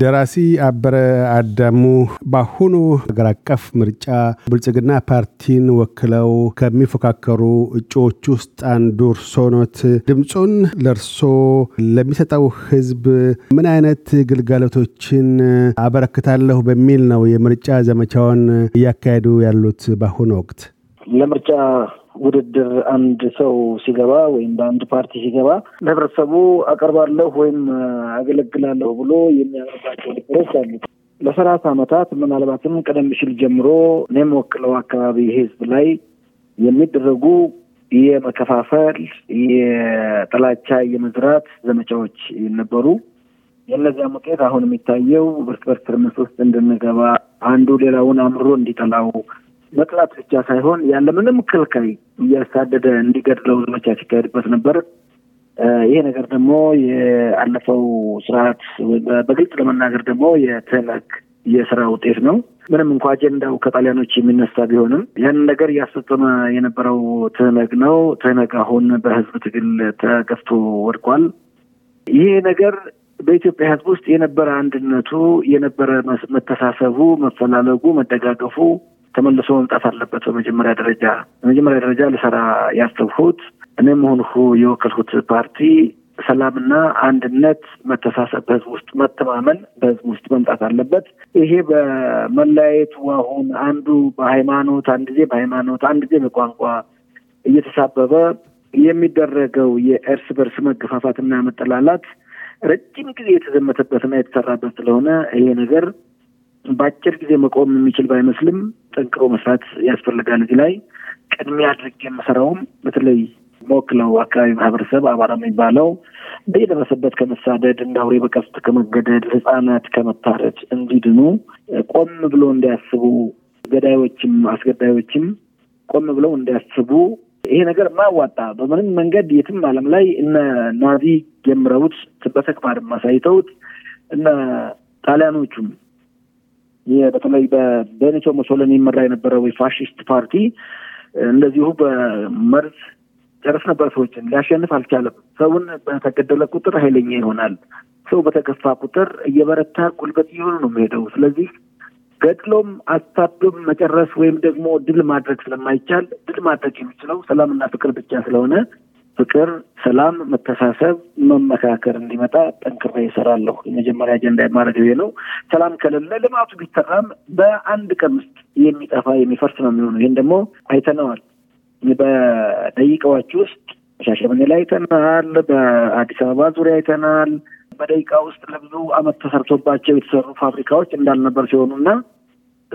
ደራሲ አበረ አዳሙ በአሁኑ ሀገር አቀፍ ምርጫ ብልጽግና ፓርቲን ወክለው ከሚፎካከሩ እጩዎች ውስጥ አንዱ እርሶ ኖት። ድምፁን ለርሶ ለሚሰጠው ህዝብ ምን አይነት ግልጋሎቶችን አበረክታለሁ በሚል ነው የምርጫ ዘመቻውን እያካሄዱ ያሉት በአሁኑ ወቅት? ለምርጫ ውድድር አንድ ሰው ሲገባ ወይም በአንድ ፓርቲ ሲገባ ለህብረተሰቡ አቀርባለሁ ወይም አገለግላለሁ ብሎ የሚያምርባቸው ነገሮች አሉት። ለሰላሳ ዓመታት ምናልባትም ቀደም ሲል ጀምሮ እኔም ወክለው አካባቢ ህዝብ ላይ የሚደረጉ የመከፋፈል፣ የጥላቻ የመዝራት ዘመቻዎች ነበሩ። የእነዚያም ውጤት አሁን የሚታየው እርስ በርስ ትርምስ ውስጥ እንድንገባ አንዱ ሌላውን አምሮ እንዲጠላው መጥላት ብቻ ሳይሆን ምንም ክልካይ እያሳደደ እንዲገድለው ዘመቻ ሲካሄድበት ነበር። ይሄ ነገር ደግሞ የአለፈው ስርዓት በግልጽ ለመናገር ደግሞ የትህነግ የስራ ውጤት ነው። ምንም እንኳ አጀንዳው ከጣሊያኖች የሚነሳ ቢሆንም ያንን ነገር እያስፈጸመ የነበረው ትህነግ ነው። ትህነግ አሁን በህዝብ ትግል ተገፍቶ ወድቋል። ይሄ ነገር በኢትዮጵያ ህዝብ ውስጥ የነበረ አንድነቱ የነበረ መተሳሰቡ፣ መፈላለጉ፣ መደጋገፉ ተመልሶ መምጣት አለበት። በመጀመሪያ ደረጃ በመጀመሪያ ደረጃ ልሰራ ያሰብሁት እኔም ሆንሁ የወከልሁት ፓርቲ ሰላምና አንድነት፣ መተሳሰብ፣ በህዝብ ውስጥ መተማመን በህዝብ ውስጥ መምጣት አለበት። ይሄ በመለያየቱ አሁን አንዱ በሃይማኖት አንድ ጊዜ በሃይማኖት አንድ ጊዜ በቋንቋ እየተሳበበ የሚደረገው የእርስ በርስ መገፋፋትና መጠላላት ረጅም ጊዜ የተዘመተበትና የተሰራበት ስለሆነ ይሄ ነገር በአጭር ጊዜ መቆም የሚችል ባይመስልም ጠንቅሮ መስራት ያስፈልጋል። እዚህ ላይ ቅድሚያ አድርጌ የምሰራውም በተለይ መወክለው አካባቢ ማህበረሰብ አማራ የሚባለው በየደረሰበት ከመሳደድ እንደ አውሬ በቀስት ከመገደል፣ ህጻናት ከመታረድ እንዲድኑ ቆም ብሎ እንዲያስቡ፣ ገዳዮችም አስገዳዮችም ቆም ብለው እንዲያስቡ ይሄ ነገር ማዋጣ በምንም መንገድ የትም ዓለም ላይ እነ ናዚ ጀምረውት በተግባር ማሳይተውት እነ ጣሊያኖቹም በተለይ በቤኒቶ ሙሶሊኒ ይመራ የነበረው የፋሽስት ፓርቲ እንደዚሁ በመርዝ ጨረስ ነበር ሰዎችን ሊያሸንፍ አልቻለም። ሰውን በተገደለ ቁጥር ኃይለኛ ይሆናል። ሰው በተገፋ ቁጥር እየበረታ ጉልበት እየሆኑ ነው የሚሄደው። ስለዚህ ገድሎም አሳብም መጨረስ ወይም ደግሞ ድል ማድረግ ስለማይቻል ድል ማድረግ የሚችለው ሰላምና ፍቅር ብቻ ስለሆነ ፍቅር፣ ሰላም፣ መተሳሰብ፣ መመካከር እንዲመጣ ጠንክሬ ይሰራለሁ። የመጀመሪያ አጀንዳ የማድረግ ነው። ሰላም ከሌለ ልማቱ ቢተራም በአንድ ቀን ውስጥ የሚጠፋ የሚፈርስ ነው የሚሆነው። ይህን ደግሞ አይተነዋል። በደቂቃዎች ውስጥ ሻሸመኔ ላይ አይተናል። በአዲስ አበባ ዙሪያ አይተናል። በደቂቃ ውስጥ ለብዙ አመት ተሰርቶባቸው የተሰሩ ፋብሪካዎች እንዳልነበር እና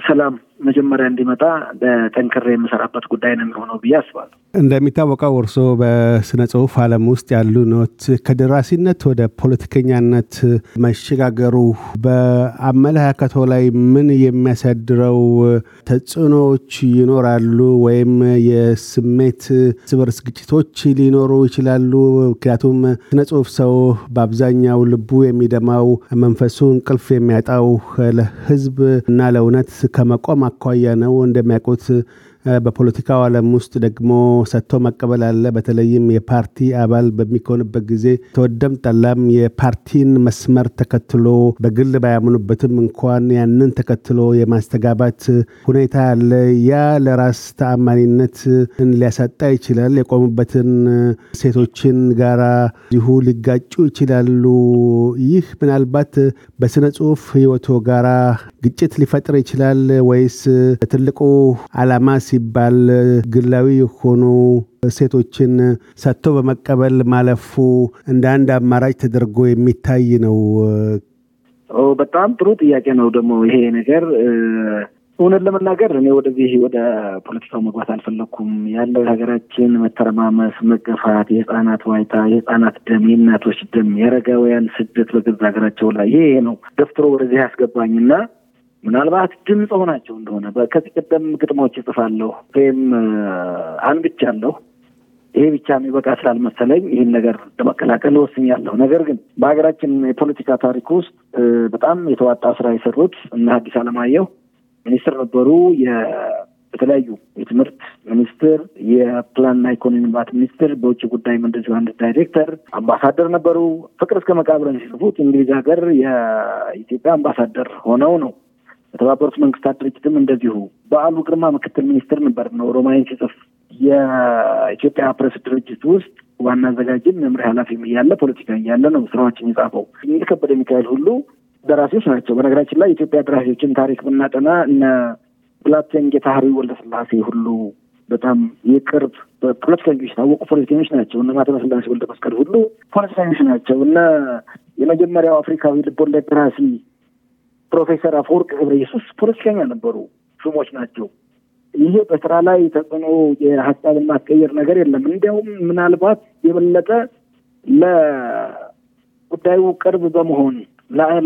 ሰላም መጀመሪያ እንዲመጣ በጠንክሬ የምሰራበት ጉዳይ ነው የሚሆነው ብዬ አስባለሁ። እንደሚታወቀው እርስዎ በስነ ጽሁፍ ዓለም ውስጥ ያሉ ኖት። ከደራሲነት ወደ ፖለቲከኛነት መሸጋገሩ በአመለካከቶ ላይ ምን የሚያሳድረው ተጽዕኖዎች ይኖራሉ? ወይም የስሜት ስበርስ ግጭቶች ሊኖሩ ይችላሉ? ምክንያቱም ስነ ጽሁፍ ሰው በአብዛኛው ልቡ የሚደማው መንፈሱ እንቅልፍ የሚያጣው ለህዝብ እና ለእውነት ከመቆም አኳያ ነው እንደሚያውቁት በፖለቲካው ዓለም ውስጥ ደግሞ ሰጥቶ መቀበል አለ። በተለይም የፓርቲ አባል በሚኮንበት ጊዜ ተወደም ጠላም የፓርቲን መስመር ተከትሎ በግል ባያምኑበትም እንኳን ያንን ተከትሎ የማስተጋባት ሁኔታ አለ። ያ ለራስ ተአማኒነት ሊያሳጣ ይችላል። የቆሙበትን ሴቶችን ጋራ እንዲሁ ሊጋጩ ይችላሉ። ይህ ምናልባት በስነ ጽሁፍ ህይወቶ ጋራ ግጭት ሊፈጥር ይችላል ወይስ ትልቁ አላማ ። ሲባል ግላዊ የሆኑ ሴቶችን ሰጥቶ በመቀበል ማለፉ እንደ አንድ አማራጭ ተደርጎ የሚታይ ነው። በጣም ጥሩ ጥያቄ ነው። ደግሞ ይሄ ነገር እውነት ለመናገር እኔ ወደዚህ ወደ ፖለቲካው መግባት አልፈለግኩም። ያለው የሀገራችን መተረማመስ፣ መገፋት፣ የህፃናት ዋይታ፣ የህፃናት ደም፣ የእናቶች ደም፣ የአረጋውያን ስደት በገዛ ሀገራቸው ላይ ይሄ ነው ደፍትሮ ወደዚህ ያስገባኝ እና ምናልባት ድምፅ ሆናቸው እንደሆነ ከዚህ ቀደም ግጥሞች እጽፋለሁ ወይም አንብቻለሁ። ይሄ ብቻ የሚበቃ ስላልመሰለኝ ይህን ነገር ለመቀላቀል ወስኛለሁ። ነገር ግን በሀገራችን የፖለቲካ ታሪክ ውስጥ በጣም የተዋጣ ስራ የሰሩት እነ ሐዲስ ዓለማየሁ ሚኒስትር ነበሩ። የተለያዩ የትምህርት ሚኒስትር፣ የፕላንና ኢኮኖሚ ልማት ሚኒስትር፣ በውጭ ጉዳይ እንደዚሁ አንድ ዳይሬክተር አምባሳደር ነበሩ። ፍቅር እስከ መቃብርን ሲጽፉት እንግሊዝ ሀገር የኢትዮጵያ አምባሳደር ሆነው ነው የተባበሩት መንግስታት ድርጅትም እንደዚሁ በዓሉ ግርማ ምክትል ሚኒስትር ነበር ነው ሮማይን ሲጽፍ የኢትዮጵያ ፕሬስ ድርጅት ውስጥ ዋና አዘጋጅም መምሪያ ኃላፊም እያለ ፖለቲካ እያለ ነው ስራዎችን የጻፈው የሚል ከበደ ሚካኤል ሁሉ ደራሲዎች ናቸው። በነገራችን ላይ የኢትዮጵያ ደራሲዎችን ታሪክ ብናጠና እነ ብላቴን ጌታህሪ ወልደስላሴ ሁሉ በጣም የቅርብ ፖለቲከኞች ታወቁ ፖለቲከኞች ናቸው። እነ ማተመ ስላሴ ወልደ መስቀል ሁሉ ፖለቲከኞች ናቸው። እነ የመጀመሪያው አፍሪካዊ ልቦለድ ደራሲ ፕሮፌሰር አፈወርቅ ገብረ ኢየሱስ ፖለቲከኛ ነበሩ፣ ሹሞች ናቸው። ይሄ በስራ ላይ ተጽዕኖ የሀሳብ ማስቀየር ነገር የለም። እንዲያውም ምናልባት የበለጠ ለጉዳዩ ቅርብ በመሆን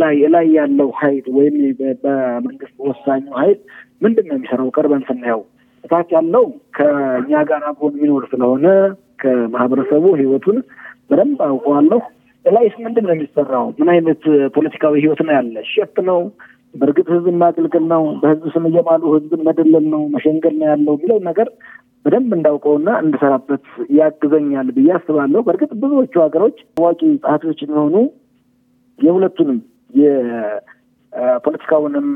ላይ ላይ ያለው ኃይል ወይም በመንግስት ወሳኙ ኃይል ምንድን ነው የሚሰራው ቅርበን ስናየው እታች ያለው ከእኛ ጋር አብሮ የሚኖር ስለሆነ ከማህበረሰቡ ህይወቱን በደንብ አውቀዋለሁ። ላይስ ምንድን ነው የሚሰራው? ምን አይነት ፖለቲካዊ ህይወት ነው ያለ? ሸፍ ነው በእርግጥ ህዝብ ማገልገል ነው? በህዝብ ስም እየማሉ ህዝብን መደለል ነው መሸንገል ነው ያለው የሚለው ነገር በደንብ እንዳውቀውና እንድሰራበት ያግዘኛል ብዬ አስባለሁ። በእርግጥ ብዙዎቹ ሀገሮች ታዋቂ ጸሐፊዎች የሚሆኑ የሁለቱንም የፖለቲካውንም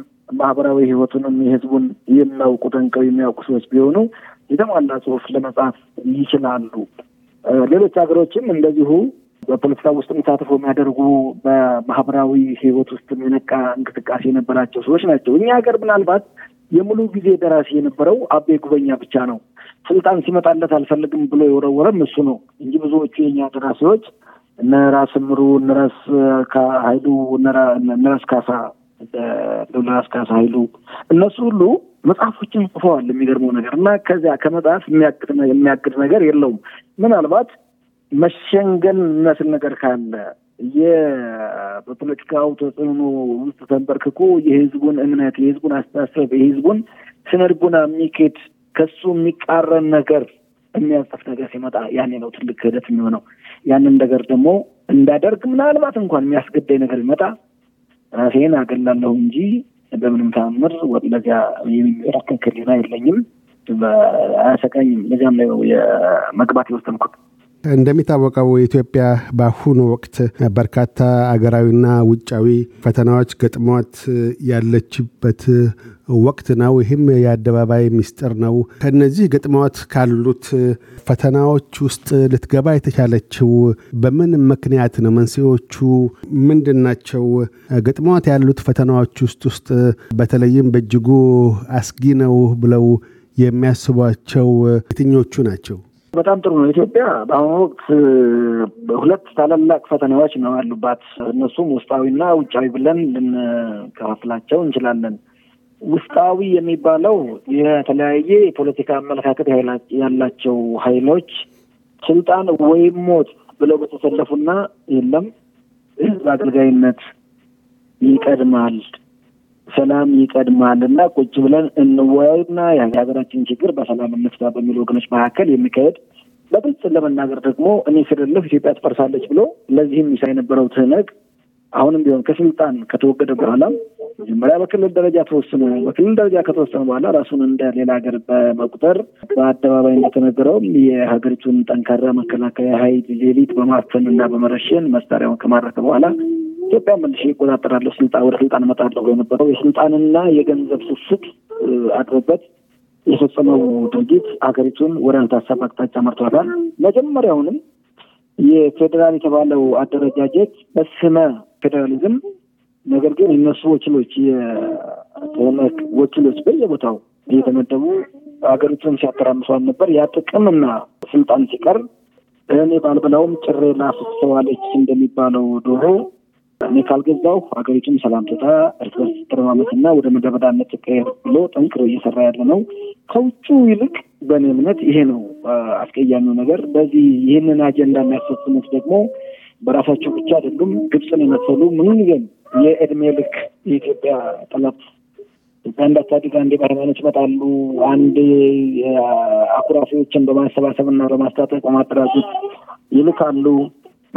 ማህበራዊ ህይወቱንም የህዝቡን የሚያውቁ ጠንቀው የሚያውቁ ሰዎች ቢሆኑ የተሟላ ጽሁፍ ለመጻፍ ይችላሉ። ሌሎች ሀገሮችም እንደዚሁ በፖለቲካ ውስጥ ተሳትፎ የሚያደርጉ በማህበራዊ ህይወት ውስጥ የነቃ እንቅስቃሴ የነበራቸው ሰዎች ናቸው። እኛ ሀገር ምናልባት የሙሉ ጊዜ ደራሲ የነበረው አቤ ጉበኛ ብቻ ነው። ስልጣን ሲመጣለት አልፈልግም ብሎ የወረወረም እሱ ነው እንጂ ብዙዎቹ የኛ ደራሲዎች እነ ራስ ምሩ፣ እነ ራስ ካሳ እነ ካሳ ኃይሉ እነሱ ሁሉ መጽሐፎችን ጽፈዋል። የሚገርመው ነገር እና ከዚያ ከመጽሐፍ የሚያግድ ነገር የለውም ምናልባት መሸንገልን ምመስል ነገር ካለ በፖለቲካው ተጽዕኖ ውስጥ ተንበርክኮ የህዝቡን እምነት፣ የህዝቡን አስተሳሰብ፣ የህዝቡን ስነድቡና የሚኬድ ከሱ የሚቃረን ነገር የሚያጸፍ ነገር ሲመጣ ያኔ ነው ትልቅ ክህደት የሚሆነው። ያንን ነገር ደግሞ እንዳደርግ ምናልባት እንኳን የሚያስገዳኝ ነገር ይመጣ ራሴን አገላለሁ እንጂ በምንም ተአምር ለዚያ የሚረከክልና የለኝም፣ አያሰቃኝም። ለዚያም ነው የመግባት የወሰንኩት። እንደሚታወቀው ኢትዮጵያ በአሁኑ ወቅት በርካታ አገራዊና ውጫዊ ፈተናዎች ገጥሟት ያለችበት ወቅት ነው። ይህም የአደባባይ ምስጢር ነው። ከነዚህ ገጥሟት ካሉት ፈተናዎች ውስጥ ልትገባ የተቻለችው በምን ምክንያት ነው? መንስኤዎቹ ምንድን ናቸው? ገጥሟት ያሉት ፈተናዎች ውስጥ ውስጥ በተለይም በእጅጉ አስጊ ነው ብለው የሚያስቧቸው የትኞቹ ናቸው? በጣም ጥሩ ነው። ኢትዮጵያ በአሁኑ ወቅት ሁለት ታላላቅ ፈተናዎች ነው ያሉባት። እነሱም ውስጣዊና ውጫዊ ብለን ልንከፋፍላቸው እንችላለን። ውስጣዊ የሚባለው የተለያየ የፖለቲካ አመለካከት ያላቸው ኃይሎች ስልጣን ወይም ሞት ብለው በተሰለፉና የለም ህዝብ አገልጋይነት ይቀድማል ሰላም ይቀድማል እና ቁጭ ብለን እንወያዩና የሀገራችን ችግር በሰላም እንፍታ በሚሉ ወገኖች መካከል የሚካሄድ በግልጽ ለመናገር ደግሞ እኔ ስደልፍ ኢትዮጵያ ትፈርሳለች ብሎ ለዚህም ይሳ የነበረው ትህነግ አሁንም ቢሆን ከስልጣን ከተወገደ በኋላ መጀመሪያ በክልል ደረጃ ተወስኖ በክልል ደረጃ ከተወሰነ በኋላ ራሱን እንደ ሌላ ሀገር በመቁጠር በአደባባይ እንደተነገረውም የሀገሪቱን ጠንካራ መከላከያ ኃይል ሌሊት በማፈን እና በመረሸን መሳሪያውን ከማረከ በኋላ ኢትዮጵያ መልሼ ይቆጣጠራለሁ ስልጣን ወደ ስልጣን እመጣለሁ የነበረው የስልጣንና የገንዘብ ስስት አድሮበት የፈጸመው ድርጊት ሀገሪቱን ወደ አልታሰብ አቅጣጫ መርቷታል። መጀመሪያውንም የፌዴራል የተባለው አደረጃጀት በስመ ፌዴራሊዝም ነገር ግን የነሱ ወኪሎች የኦነግ ወኪሎች በየቦታው እየተመደቡ ሀገሪቱን ሲያተራምሷል ነበር። ያ ጥቅምና ስልጣን ሲቀር እኔ ባልበላውም ጭሬ ላፍሰዋለች እንደሚባለው ዶሮ እኔ ካልገዛው ሀገሪቱም ሰላም ትታ እርስ በርስ ስትረማመትና ወደ መደበዳነት ትቀየር ብሎ ጠንክሮ እየሰራ ያለ ነው። ከውጩ ይልቅ በእኔ እምነት ይሄ ነው አስቀያሚው ነገር። በዚህ ይህንን አጀንዳ የሚያስፈጽሙት ደግሞ በራሳቸው ብቻ አይደሉም። ግብፅን የመሰሉ ምንም ግን የእድሜ ልክ የኢትዮጵያ ጠላት ኢትዮጵያ እንዳታድግ አንዴ በሃይማኖት ይመጣሉ፣ አንዴ አኩራፊዎችን በማሰባሰብ እና በማስታጠቅ በማጠራጀት ይልካሉ።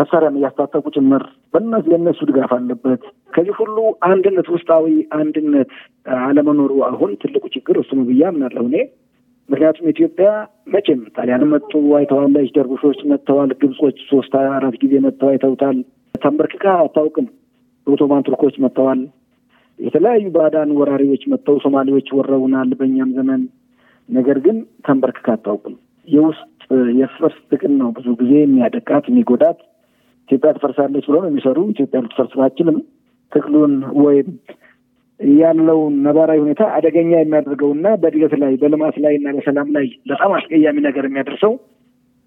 መሳሪያም እያስታጠቁ ጭምር በነዚህ ለነሱ ድጋፍ አለበት። ከዚህ ሁሉ አንድነት ውስጣዊ አንድነት አለመኖሩ አሁን ትልቁ ችግር እሱ ነው ብዬ አምናለሁ እኔ። ምክንያቱም ኢትዮጵያ መቼም ጣሊያን መጡ አይተዋለች፣ ደርቡሾች መጥተዋል፣ ግብጾች ሶስት አራት ጊዜ መጥተው አይተውታል። ተንበርክካ አታውቅም። ኦቶማን ቱርኮች መጥተዋል። የተለያዩ ባዕዳን ወራሪዎች መጥተው ሶማሌዎች ወረውናል በእኛም ዘመን። ነገር ግን ተንበርክካ አታውቅም። የውስጥ የእርስ በርስ ጥቅም ነው ብዙ ጊዜ የሚያደቃት የሚጎዳት ኢትዮጵያ ትፈርሳለች ብሎ ነው የሚሰሩ። ኢትዮጵያ ልትፈርስ አትችልም። ትክሉን ወይም ያለውን ነባራዊ ሁኔታ አደገኛ የሚያደርገውና በእድገት ላይ በልማት ላይ እና በሰላም ላይ በጣም አስቀያሚ ነገር የሚያደርሰው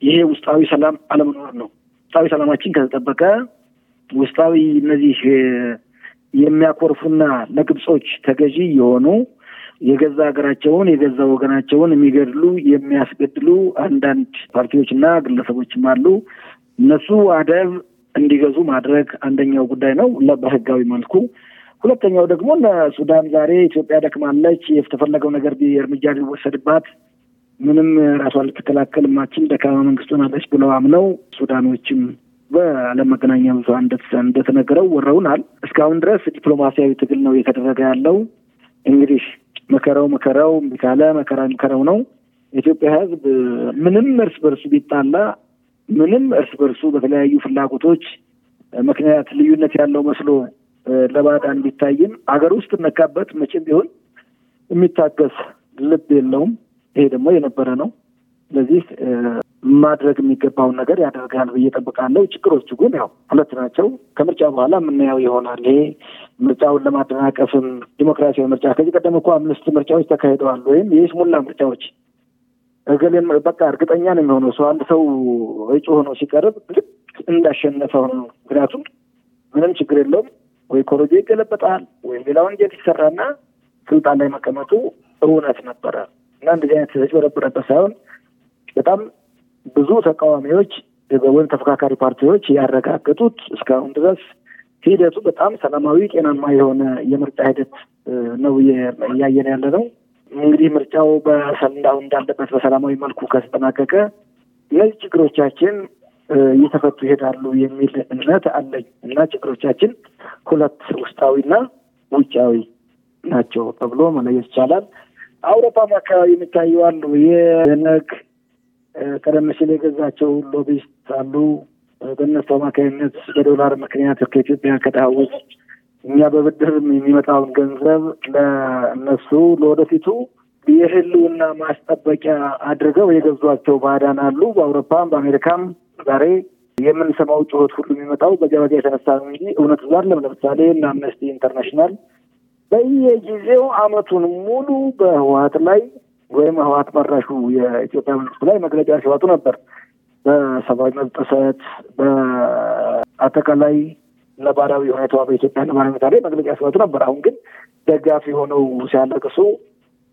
ይሄ ውስጣዊ ሰላም አለመኖር ነው። ውስጣዊ ሰላማችን ከተጠበቀ ውስጣዊ እነዚህ የሚያኮርፉና ለግብጾች ተገዢ የሆኑ የገዛ ሀገራቸውን የገዛ ወገናቸውን የሚገድሉ የሚያስገድሉ አንዳንድ ፓርቲዎችና ግለሰቦችም አሉ። እነሱ አደብ እንዲገዙ ማድረግ አንደኛው ጉዳይ ነው በህጋዊ መልኩ። ሁለተኛው ደግሞ ሱዳን ዛሬ ኢትዮጵያ ደክማለች፣ የተፈለገው ነገር እርምጃ ሊወሰድባት ምንም ራሷ ልትከላከል ማችን ደካማ መንግስት ሆናለች ብለው አምነው ሱዳኖችም በዓለም መገናኛ ብዙኃን እንደተነገረው ወረውናል። እስካሁን ድረስ ዲፕሎማሲያዊ ትግል ነው እየተደረገ ያለው። እንግዲህ መከረው መከራው ካለ መከራ መከራው ነው። የኢትዮጵያ ህዝብ ምንም እርስ በርሱ ቢጣላ ምንም እርስ በርሱ በተለያዩ ፍላጎቶች ምክንያት ልዩነት ያለው መስሎ ለባዳ ቢታይም ሀገር ውስጥ ነካበት መቼም ቢሆን የሚታገስ ልብ የለውም። ይሄ ደግሞ የነበረ ነው። ስለዚህ ማድረግ የሚገባውን ነገር ያደርጋል ብዬ እጠብቃለሁ። ችግሮቹ ግን ያው ሁለት ናቸው። ከምርጫ በኋላ የምናየው ይሆናል። ይሄ ምርጫውን ለማደናቀፍም ዲሞክራሲያዊ ምርጫ ከዚህ ቀደም እኮ አምስት ምርጫዎች ተካሂደዋል፣ ወይም የስሙላ ምርጫዎች እገሌም በቃ እርግጠኛ ነው የሚሆነው ሰው አንድ ሰው እጩ ሆኖ ሲቀርብ ልክ እንዳሸነፈ ነው። ምክንያቱም ምንም ችግር የለውም ወይ ኮሮጆ ይገለበጣል ወይም ሌላ ወንጀል ይሰራና ስልጣን ላይ መቀመጡ እውነት ነበረ እና እንደዚህ አይነት የተጭበረበረበት ሳይሆን በጣም ብዙ ተቃዋሚዎች ወይም ተፎካካሪ ፓርቲዎች ያረጋገጡት እስካሁን ድረስ ሂደቱ በጣም ሰላማዊ፣ ጤናማ የሆነ የምርጫ ሂደት ነው እያየን ያለ ነው። እንግዲህ ምርጫው በሰንዳው እንዳለበት በሰላማዊ መልኩ ከተጠናቀቀ እነዚህ ችግሮቻችን እየተፈቱ ይሄዳሉ የሚል እምነት አለኝ እና ችግሮቻችን ሁለት ውስጣዊና ውጫዊ ናቸው ተብሎ መለየት ይቻላል። አውሮፓም አካባቢ የሚታዩ አሉ። የነግ ቀደም ሲል የገዛቸው ሎቢስት አሉ። በእነሱ አማካኝነት በዶላር ምክንያት ከኢትዮጵያ ከደሃዎች እኛ በብድር የሚመጣውን ገንዘብ ለእነሱ ለወደፊቱ የህልውና ማስጠበቂያ አድርገው የገዟቸው ባዕዳን አሉ። በአውሮፓም በአሜሪካም ዛሬ የምንሰማው ጩኸት ሁሉ የሚመጣው በዚያ በዚያ የተነሳ ነው እንጂ እውነት ዛለም ለምሳሌ እና አምነስቲ ኢንተርናሽናል በየጊዜው አመቱን ሙሉ በህወሀት ላይ ወይም ህወሀት መራሹ የኢትዮጵያ መንግስት ላይ መግለጫ ሲዋጡ ነበር። በሰብአዊ መብት ጥሰት፣ በአጠቃላይ ነባራዊ ሁኔታ በኢትዮጵያ ነባራዊ ሁኔታ ላይ መግለጫ ሲወጡ ነበር። አሁን ግን ደጋፊ የሆነው ሲያለቅሱ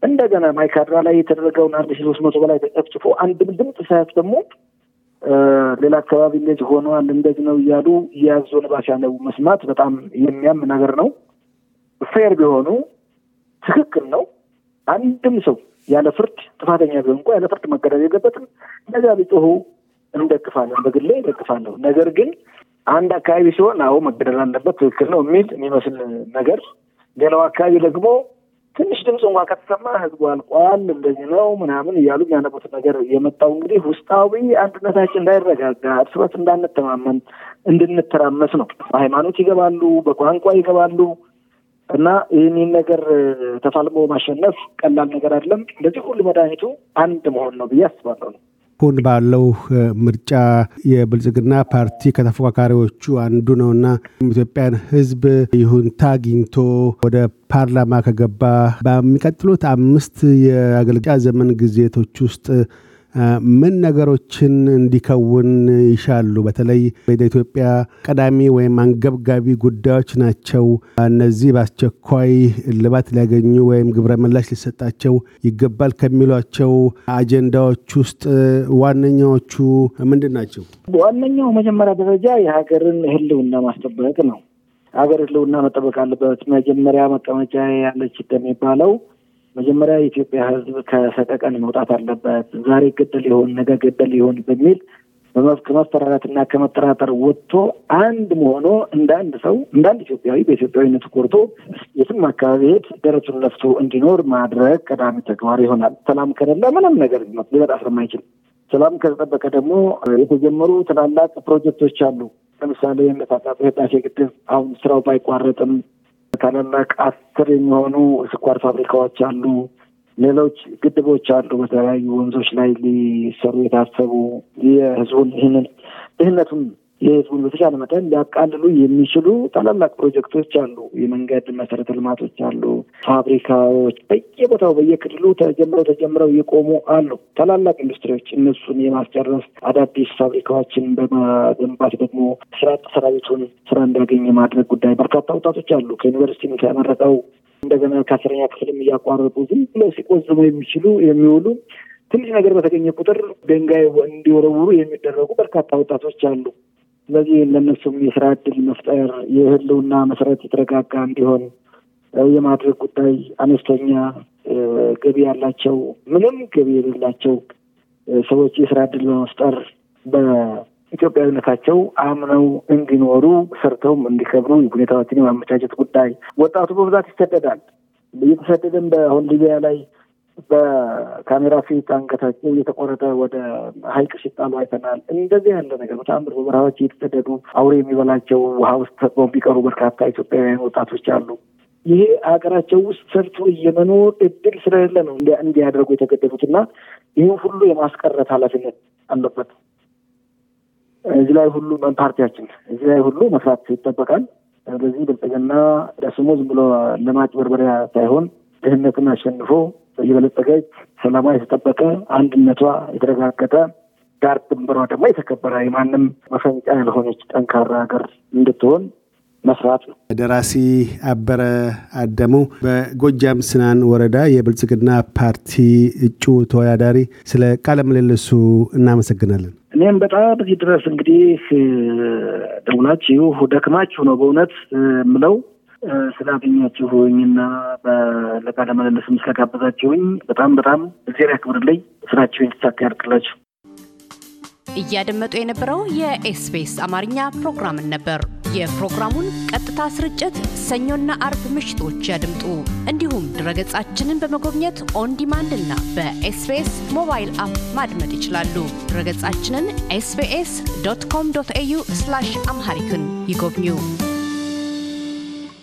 እንደገና ማይካድራ ላይ የተደረገውን አንድ ሺ ሶስት መቶ በላይ ተጨፍጭፎ አንድም ድምፅ ሳያት ደግሞ ሌላ አካባቢ እንደዚህ ሆነዋል እንደዚህ ነው እያሉ እያዞ ልባሽ ያለው መስማት በጣም የሚያም ነገር ነው። ፌር ቢሆኑ ትክክል ነው። አንድም ሰው ያለ ፍርድ ጥፋተኛ ቢሆን እንኳ ያለ ፍርድ መገደል የለበትም። እንደዚያ ቢጮሁ እንደግፋለን፣ በግሌ እደግፋለሁ። ነገር ግን አንድ አካባቢ ሲሆን አዎ መገደል አለበት ትክክል ነው የሚል የሚመስል ነገር፣ ሌላው አካባቢ ደግሞ ትንሽ ድምፅ እንኳ ከተሰማ ህዝቡ አልቋል እንደዚህ ነው ምናምን እያሉ የሚያነቡት ነገር የመጣው እንግዲህ ውስጣዊ አንድነታችን እንዳይረጋጋ፣ እርስ በርስ እንዳንተማመን፣ እንድንተራመስ ነው። በሃይማኖት ይገባሉ፣ በቋንቋ ይገባሉ እና ይህን ነገር ተፋልሞ ማሸነፍ ቀላል ነገር አይደለም። ለዚህ ሁሉ መድኃኒቱ አንድ መሆን ነው ብዬ አስባለሁ ነው አሁን ባለው ምርጫ የብልጽግና ፓርቲ ከተፎካካሪዎቹ አንዱ ነውና ኢትዮጵያን ሕዝብ ይሁንታ አግኝቶ ወደ ፓርላማ ከገባ በሚቀጥሉት አምስት የአገልጫ ዘመን ጊዜቶች ውስጥ ምን ነገሮችን እንዲከውን ይሻሉ? በተለይ ኢትዮጵያ ቀዳሚ ወይም አንገብጋቢ ጉዳዮች ናቸው። እነዚህ በአስቸኳይ እልባት ሊያገኙ ወይም ግብረ ምላሽ ሊሰጣቸው ይገባል ከሚሏቸው አጀንዳዎች ውስጥ ዋነኛዎቹ ምንድን ናቸው? ዋነኛው መጀመሪያ ደረጃ የሀገርን ሕልውና ማስጠበቅ ነው። ሀገር ሕልውና መጠበቅ አለበት። መጀመሪያ መቀመጫ ያለች እንደሚባለው መጀመሪያ የኢትዮጵያ ሕዝብ ከሰቀቀን መውጣት አለበት። ዛሬ ገደል ይሆን ነገ ገደል ይሆን በሚል ከመፈራራትና ከመጠራጠር ወጥቶ አንድ መሆኖ እንደ አንድ ሰው እንደ አንድ ኢትዮጵያዊ በኢትዮጵያዊነቱ ኮርቶ የትም አካባቢ ሄድ ደረቱን ለፍቶ እንዲኖር ማድረግ ቀዳሚ ተግባር ይሆናል። ሰላም ከሌለ ምንም ነገር ሊመጣ ስለማይችል ሰላም ከተጠበቀ ደግሞ የተጀመሩ ትላላቅ ፕሮጀክቶች አሉ። ለምሳሌ የመሳሳት ህዳሴ ግድብ አሁን ስራው ባይቋረጥም ታላላቅ አስር የሚሆኑ ስኳር ፋብሪካዎች አሉ። ሌሎች ግድቦች አሉ። በተለያዩ ወንዞች ላይ ሊሰሩ የታሰቡ የህዝቡን ድህነት ድህነቱን የህዝቡን በተቻለ መጠን ሊያቃልሉ የሚችሉ ታላላቅ ፕሮጀክቶች አሉ። የመንገድ መሰረተ ልማቶች አሉ። ፋብሪካዎች በየቦታው በየክልሉ ተጀምረው ተጀምረው የቆሙ አሉ። ታላላቅ ኢንዱስትሪዎች እነሱን የማስጨረስ አዳዲስ ፋብሪካዎችን በመገንባት ደግሞ ስራ ሰራዊቱን ስራ እንዲያገኝ የማድረግ ጉዳይ በርካታ ወጣቶች አሉ። ከዩኒቨርሲቲ ተመረቀው እንደገና ከአስረኛ ክፍልም እያቋረጡ ዝም ብለው ሲቆዝሙ የሚችሉ የሚውሉ ትንሽ ነገር በተገኘ ቁጥር ድንጋይ እንዲወረውሩ የሚደረጉ በርካታ ወጣቶች አሉ። ስለዚህ ለእነሱም የስራ እድል መፍጠር የህልውና መሰረት የተረጋጋ እንዲሆን የማድረግ ጉዳይ አነስተኛ ገቢ ያላቸው ምንም ገቢ የሌላቸው ሰዎች የስራ እድል በመፍጠር በኢትዮጵያዊነታቸው አምነው እንዲኖሩ ሰርተውም እንዲከብሩ ሁኔታዎችን የማመቻቸት ጉዳይ። ወጣቱ በብዛት ይሰደዳል። እየተሰደደም በአሁን ሊቢያ ላይ በካሜራ ፊት አንገታቸው እየተቆረጠ ወደ ሀይቅ ሲጣሉ አይተናል። እንደዚህ ያለ ነገር በተአምር በበረሃዎች እየተሰደዱ አውሬ የሚበላቸው ውሃ ውስጥ ተጥበው የሚቀሩ በርካታ ኢትዮጵያውያን ወጣቶች አሉ። ይሄ ሀገራቸው ውስጥ ሰርቶ የመኖር እድል ስለሌለ ነው እንዲያደርጉ የተገደዱት እና ይህን ሁሉ የማስቀረት ኃላፊነት አለበት። እዚህ ላይ ሁሉ ፓርቲያችን እዚህ ላይ ሁሉ መስራት ይጠበቃል። በዚህ ብልጽግና ደግሞ ዝም ብሎ ለማጭበርበሪያ ሳይሆን ድህነትን አሸንፎ የበለጸገች ሰላሟ የተጠበቀ አንድነቷ የተረጋገጠ ዳር ድንበሯ ደግሞ የተከበረ የማንም መፈንጫ ያልሆነች ጠንካራ ሀገር እንድትሆን መስራት ነው። ደራሲ አበረ አደሙ በጎጃም ስናን ወረዳ የብልጽግና ፓርቲ እጩ ተወዳዳሪ፣ ስለ ቃለ ምልልሱ እናመሰግናለን። እኔም በጣም እዚህ ድረስ እንግዲህ ደውላችሁ ደክማችሁ ነው በእውነት ምለው ስላገኛችሁኝና ለቃለ ምልልስም ስለጋበዛችሁኝ በጣም በጣም እግዜር ያክብርልኝ። ስራችሁ የተሳካ ያርቅላችሁ። እያደመጡ የነበረው የኤስቢኤስ አማርኛ ፕሮግራምን ነበር። የፕሮግራሙን ቀጥታ ስርጭት ሰኞና አርብ ምሽቶች ያድምጡ። እንዲሁም ድረገጻችንን በመጎብኘት ኦንዲማንድ እና በኤስቢኤስ ሞባይል አፕ ማድመጥ ይችላሉ። ድረገጻችንን ኤስቢኤስ ዶት ኮም ዶት ኤዩ አምሃሪክን ይጎብኙ።